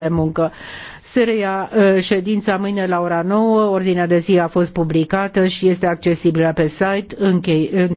de muncă. Se reia ă, ședința mâine la ora 9, ordinea de zi a fost publicată și este accesibilă pe site. Închei.